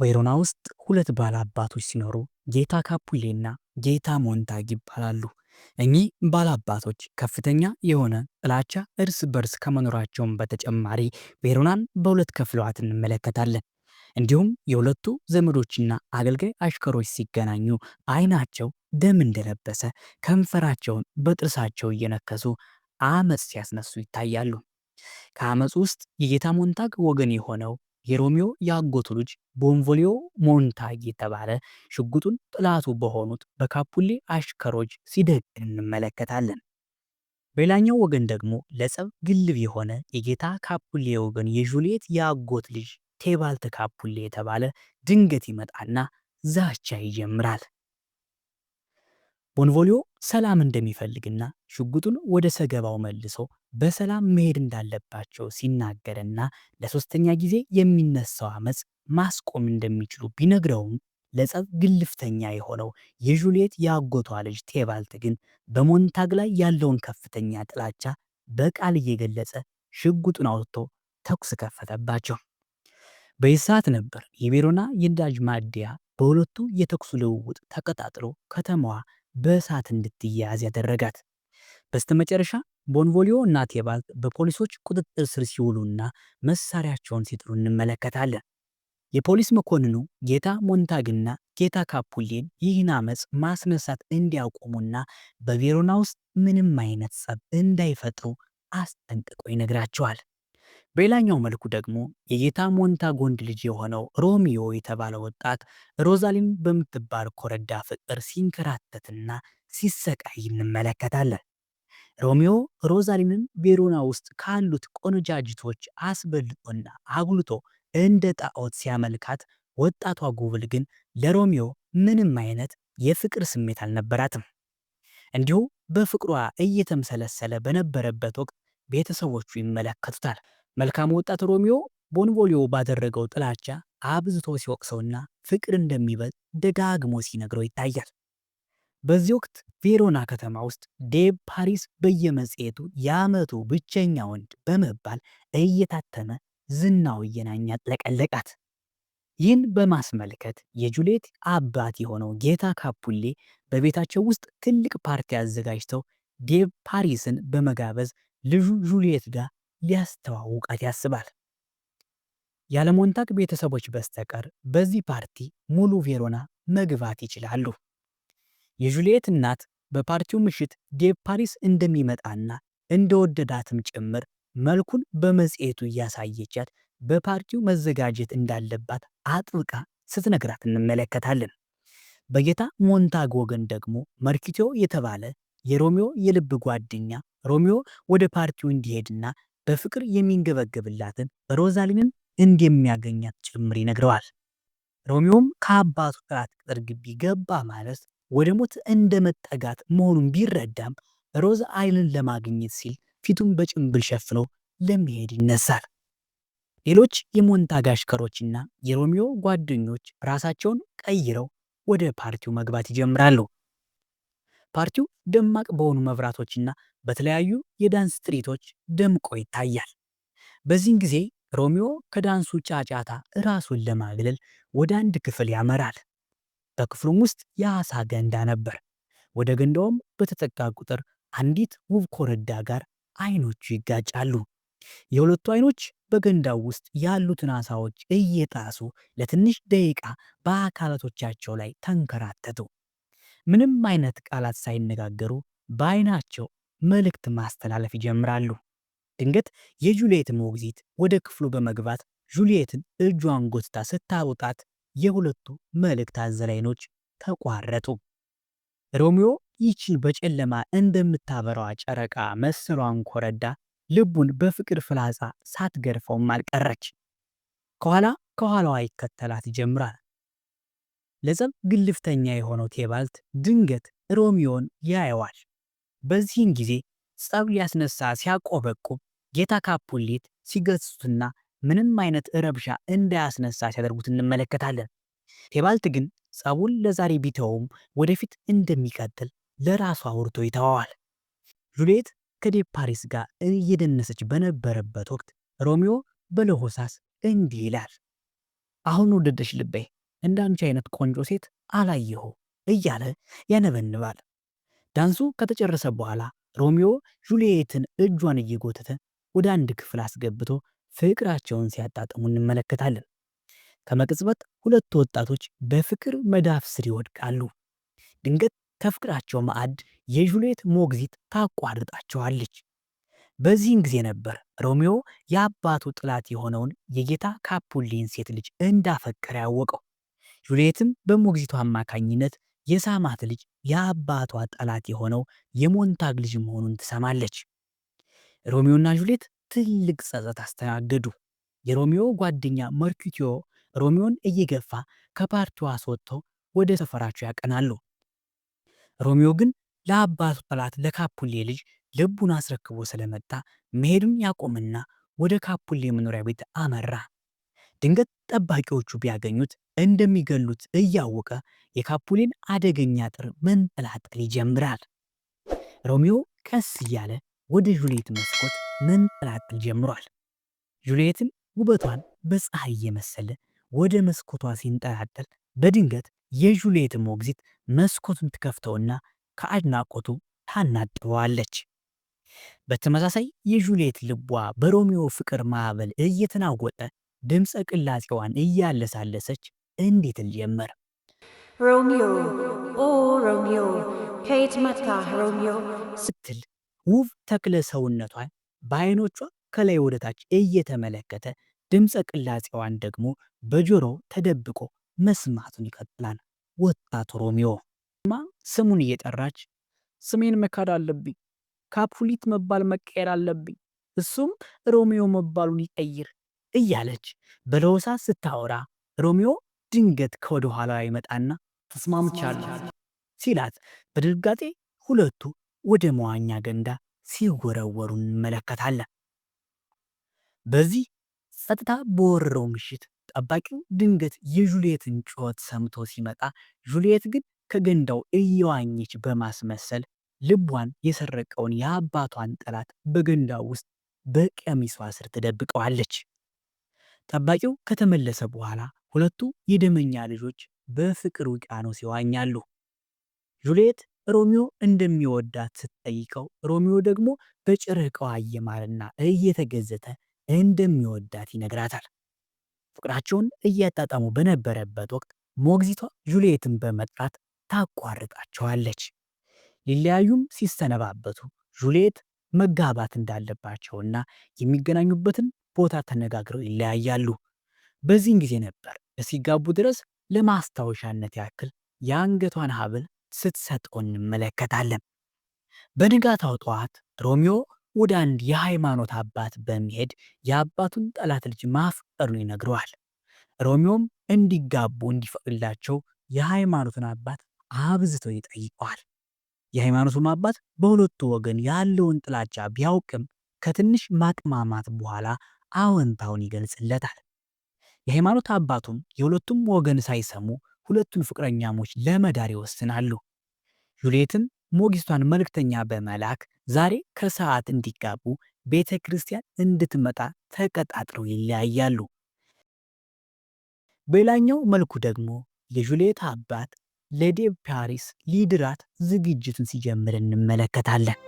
ቬሮና ውስጥ ሁለት አባቶች ሲኖሩ ጌታ ካፑሌና ጌታ ሞንታግ ይባላሉ። እኚህ አባቶች ከፍተኛ የሆነ ጥላቻ እርስ በርስ ከመኖራቸውን በተጨማሪ ቬሮናን በሁለት ከፍለዋት እንመለከታለን። እንዲሁም የሁለቱ ዘመዶችና አገልጋይ አሽከሮች ሲገናኙ አይናቸው ደም እንደለበሰ ከንፈራቸውን በጥርሳቸው እየነከሱ አመፅ ሲያስነሱ ይታያሉ። ከአመፅ ውስጥ የጌታ ሞንታግ ወገን የሆነው የሮሚዮ የአጎቱ ልጅ ቦንቮሊዮ ሞንታግ የተባለ ሽጉጡን ጥላቱ በሆኑት በካፑሌ አሽከሮች ሲደቅን እንመለከታለን። በሌላኛው ወገን ደግሞ ለጸብ ግልብ የሆነ የጌታ ካፑሌ ወገን የጁልየት የአጎት ልጅ ቴባልት ካፑሌ የተባለ ድንገት ይመጣና ዛቻ ይጀምራል። ቦንቮሊዮ ሰላም እንደሚፈልግና ሽጉጡን ወደ ሰገባው መልሶ በሰላም መሄድ እንዳለባቸው ሲናገርና ለሶስተኛ ጊዜ የሚነሳው አመፅ ማስቆም እንደሚችሉ ቢነግረውም ለጸብ ግልፍተኛ የሆነው የጁልየት የአጎቷ ልጅ ቴባልት ግን በሞንታግ ላይ ያለውን ከፍተኛ ጥላቻ በቃል እየገለጸ ሽጉጡን አውጥቶ ተኩስ ከፈተባቸው። በዚህ ሰዓት ነበር የቤሮና የነዳጅ ማደያ በሁለቱ የተኩሱ ልውውጥ ተቀጣጥሎ ከተማዋ በእሳት እንድትያያዝ ያደረጋት። በስተመጨረሻ ቦንቮሊዮ እና ቴባልት በፖሊሶች ቁጥጥር ስር ሲውሉና መሳሪያቸውን ሲጥሩ እንመለከታለን። የፖሊስ መኮንኑ ጌታ ሞንታግና ጌታ ካፑሌን ይህን አመፅ ማስነሳት እንዲያቆሙና በቬሮና ውስጥ ምንም አይነት ጸብ እንዳይፈጥሩ አስጠንቅቆ ይነግራቸዋል። በሌላኛው መልኩ ደግሞ የጌታ ሞንታጎንድ ልጅ የሆነው ሮሚዮ የተባለ ወጣት ሮዛሊን በምትባል ኮረዳ ፍቅር ሲንከራተትና ሲሰቃይ እንመለከታለን። ሮሚዮ ሮዛሊንን ቬሮና ውስጥ ካሉት ቆነጃጅቶች አስበልጦና አጉልቶ እንደ ጣዖት ሲያመልካት፣ ወጣቷ ጉብል ግን ለሮሚዮ ምንም አይነት የፍቅር ስሜት አልነበራትም። እንዲሁ በፍቅሯ እየተምሰለሰለ በነበረበት ወቅት ቤተሰቦቹ ይመለከቱታል። መልካም ወጣት ሮሚዮ ቦንቮሊዮ ባደረገው ጥላቻ አብዝቶ ሲወቅሰውና ፍቅር እንደሚበዝ ደጋግሞ ሲነግረው ይታያል። በዚህ ወቅት ቬሮና ከተማ ውስጥ ዴብ ፓሪስ በየመጽሔቱ የዓመቱ ብቸኛ ወንድ በመባል እየታተመ ዝናው እየናኛ ጥለቀለቃት። ይህን በማስመልከት የጁሌት አባት የሆነው ጌታ ካፑሌ በቤታቸው ውስጥ ትልቅ ፓርቲ አዘጋጅተው ዴብ ፓሪስን በመጋበዝ ልጁ ጁሊየት ጋር ሊያስተዋውቃት ያስባል። ያለሞንታክ ቤተሰቦች በስተቀር በዚህ ፓርቲ ሙሉ ቬሮና መግባት ይችላሉ። የጁልየት እናት በፓርቲው ምሽት ዴቭ ፓሪስ እንደሚመጣና እንደወደዳትም ጭምር መልኩን በመጽሔቱ እያሳየቻት በፓርቲው መዘጋጀት እንዳለባት አጥብቃ ስትነግራት እንመለከታለን። በጌታ ሞንታግ ወገን ደግሞ መርኪቶ የተባለ የሮሚዮ የልብ ጓደኛ ሮሚዮ ወደ ፓርቲው እንዲሄድና በፍቅር የሚንገበገብላትን ሮዛሊንን እንደሚያገኛት ጭምር ይነግረዋል። ሮሚዮም ከአባቱ ጥላት ቅጥር ግቢ ገባ ማለት ወደ ሞት እንደ መጠጋት መሆኑን ቢረዳም ሮዝ አይልን ለማግኘት ሲል ፊቱን በጭንብል ሸፍኖ ለመሄድ ይነሳል። ሌሎች የሞንታግ አሽከሮችና የሮሚዮ ጓደኞች ራሳቸውን ቀይረው ወደ ፓርቲው መግባት ይጀምራሉ። ፓርቲው ደማቅ በሆኑ መብራቶችና በተለያዩ የዳንስ ትርኢቶች ደምቆ ይታያል። በዚህን ጊዜ ሮሚዮ ከዳንሱ ጫጫታ ራሱን ለማግለል ወደ አንድ ክፍል ያመራል። በክፍሉም ውስጥ የአሳ ገንዳ ነበር። ወደ ገንዳውም በተጠጋ ቁጥር አንዲት ውብ ኮረዳ ጋር አይኖቹ ይጋጫሉ። የሁለቱ አይኖች በገንዳው ውስጥ ያሉትን አሳዎች እየጣሱ ለትንሽ ደቂቃ በአካላቶቻቸው ላይ ተንከራተቱ። ምንም አይነት ቃላት ሳይነጋገሩ በአይናቸው መልእክት ማስተላለፍ ይጀምራሉ። ድንገት የጁልየት ሞግዚት ወደ ክፍሉ በመግባት ጁልየትን እጇን ጎትታ ስታውጣት የሁለቱ መልእክት አዘል አይኖች ተቋረጡ። ሮሚዮ ይቺን በጨለማ እንደምታበራዋ ጨረቃ መሰሏን ኮረዳ ልቡን በፍቅር ፍላጻ ሳትገርፈውም አልቀረች። ከኋላ ከኋላዋ ይከተላት ይጀምራል። ለዛም ግልፍተኛ የሆነው ቴባልት ድንገት ሮሚዮን ያየዋል። በዚህን ጊዜ ጸብ ሊያስነሳ ሲያቆበቁብ ጌታ ካፑሌት ሲገስጹትና ምንም አይነት ረብሻ እንዳያስነሳ ሲያደርጉት እንመለከታለን። ቴባልት ግን ጸቡን ለዛሬ ቢተውም ወደፊት እንደሚቀጥል ለራሱ አውርቶ ይተዋዋል። ከዴ ፓሪስ ጋር እየደነሰች በነበረበት ወቅት ሮሚዮ በለሆሳስ እንዲህ ይላል፣ አሁን ወደደሽ ልቤ እንደ አንቺ አይነት ቆንጆ ሴት አላየሁ እያለ ያነበንባል። ዳንሱ ከተጨረሰ በኋላ ሮሚዮ ጁልየትን እጇን እየጎተተ ወደ አንድ ክፍል አስገብቶ ፍቅራቸውን ሲያጣጥሙ እንመለከታለን። ከመቅጽበት ሁለቱ ወጣቶች በፍቅር መዳፍ ስር ይወድቃሉ። ድንገት ከፍቅራቸው ማዕድ የጁልየት ሞግዚት ታቋርጣቸዋለች። በዚህን ጊዜ ነበር ሮሚዮ የአባቱ ጥላት የሆነውን የጌታ ካፑሊን ሴት ልጅ እንዳፈቀረ ያወቀው። ጁልየትም በሞግዚቱ አማካኝነት የሳማት ልጅ የአባቷ ጠላት የሆነው የሞንታግ ልጅ መሆኑን ትሰማለች። ሮሚዮና ጁልየት ትልቅ ጸጸት አስተናገዱ። የሮሚዮ ጓደኛ መርኪቲዮ ሮሚዮን እየገፋ ከፓርቲው አስወጥተው ወደ ሰፈራቸው ያቀናሉ። ሮሚዮ ግን ለአባቱ ጠላት ለካፑሌ ልጅ ልቡን አስረክቦ ስለመጣ መሄዱን ያቆምና ወደ ካፑሌ መኖሪያ ቤት አመራ። ድንገት ጠባቂዎቹ ቢያገኙት እንደሚገሉት እያወቀ የካፑሊን አደገኛ አጥር መንጠላጠል ይጀምራል። ሮሚዮ ቀስ እያለ ወደ ጁልየት መስኮት መንጠላጠል ጀምሯል። ጁልየትም ውበቷን በፀሐይ እየመሰለ ወደ መስኮቷ ሲንጠላጠል በድንገት የጁልየት ሞግዚት መስኮቱን ትከፍተውና ከአድናቆቱ ታናጥበዋለች። በተመሳሳይ የጁልየት ልቧ በሮሚዮ ፍቅር ማዕበል እየተናወጠ ድምፀ ቅላጼዋን እያለሳለሰች እንዴት ልጀምር? ሮሚዮ ኦ ሮሚዮ ከየት መጣ ሮሚዮ ስትል ውብ ተክለ ሰውነቷን በአይኖቿ ከላይ ወደታች እየተመለከተ ድምፀ ቅላጼዋን ደግሞ በጆሮው ተደብቆ መስማቱን ይቀጥላል። ወጣት ሮሚዮ ማ ስሙን እየጠራች ስሜን መካድ አለብኝ፣ ካፑሊት መባል መቀየር አለብኝ፣ እሱም ሮሚዮ መባሉን ይቀይር እያለች በለሆሳ ስታወራ ሮሚዮ ድንገት ከወደ ኋላ ይመጣና ተስማምቻለሁ ሲላት በድንጋጤ ሁለቱ ወደ መዋኛ ገንዳ ሲወረወሩ እንመለከታለን። በዚህ ጸጥታ በወረረው ምሽት ጠባቂው ድንገት የጁልየትን ጩኸት ሰምቶ ሲመጣ፣ ጁልየት ግን ከገንዳው እየዋኘች በማስመሰል ልቧን የሰረቀውን የአባቷን ጠላት በገንዳው ውስጥ በቀሚሷ ስር ትደብቀዋለች። ጠባቂው ከተመለሰ በኋላ ሁለቱ የደመኛ ልጆች በፍቅር ውቅያኖስ ይዋኛሉ። ጁልየት ሮሚዮ እንደሚወዳት ስትጠይቀው ሮሚዮ ደግሞ በጨረቃዋ እየማረና እየተገዘተ እንደሚወዳት ይነግራታል። ፍቅራቸውን እያጣጣሙ በነበረበት ወቅት ሞግዚቷ ጁልየትን በመጥራት ታቋርጣቸዋለች። ሊለያዩም ሲሰነባበቱ ጁልየት መጋባት እንዳለባቸውና የሚገናኙበትን ቦታ ተነጋግረው ይለያያሉ። በዚህን ጊዜ ነበር እስኪጋቡ ድረስ ለማስታወሻነት ያክል የአንገቷን ሀብል ስትሰጠው እንመለከታለን። በንጋታው ጠዋት ሮሚዮ ወደ አንድ የሃይማኖት አባት በሚሄድ የአባቱን ጠላት ልጅ ማፍቀሩን ይነግረዋል። ሮሚዮም እንዲጋቡ እንዲፈቅድላቸው የሃይማኖቱን አባት አብዝተው ይጠይቀዋል። የሃይማኖቱም አባት በሁለቱ ወገን ያለውን ጥላቻ ቢያውቅም ከትንሽ ማቅማማት በኋላ አዎንታውን ይገልጽለታል። የሃይማኖት አባቱም የሁለቱም ወገን ሳይሰሙ ሁለቱን ፍቅረኛሞች ለመዳር ይወስናሉ። ጁልየትም ሞጊስቷን መልእክተኛ በመላክ ዛሬ ከሰዓት እንዲጋቡ ቤተ ክርስቲያን እንድትመጣ ተቀጣጥረው ይለያያሉ። በሌላኛው መልኩ ደግሞ የጁልየት አባት ለዴቭ ፓሪስ ሊድራት ዝግጅትን ሲጀምር እንመለከታለን።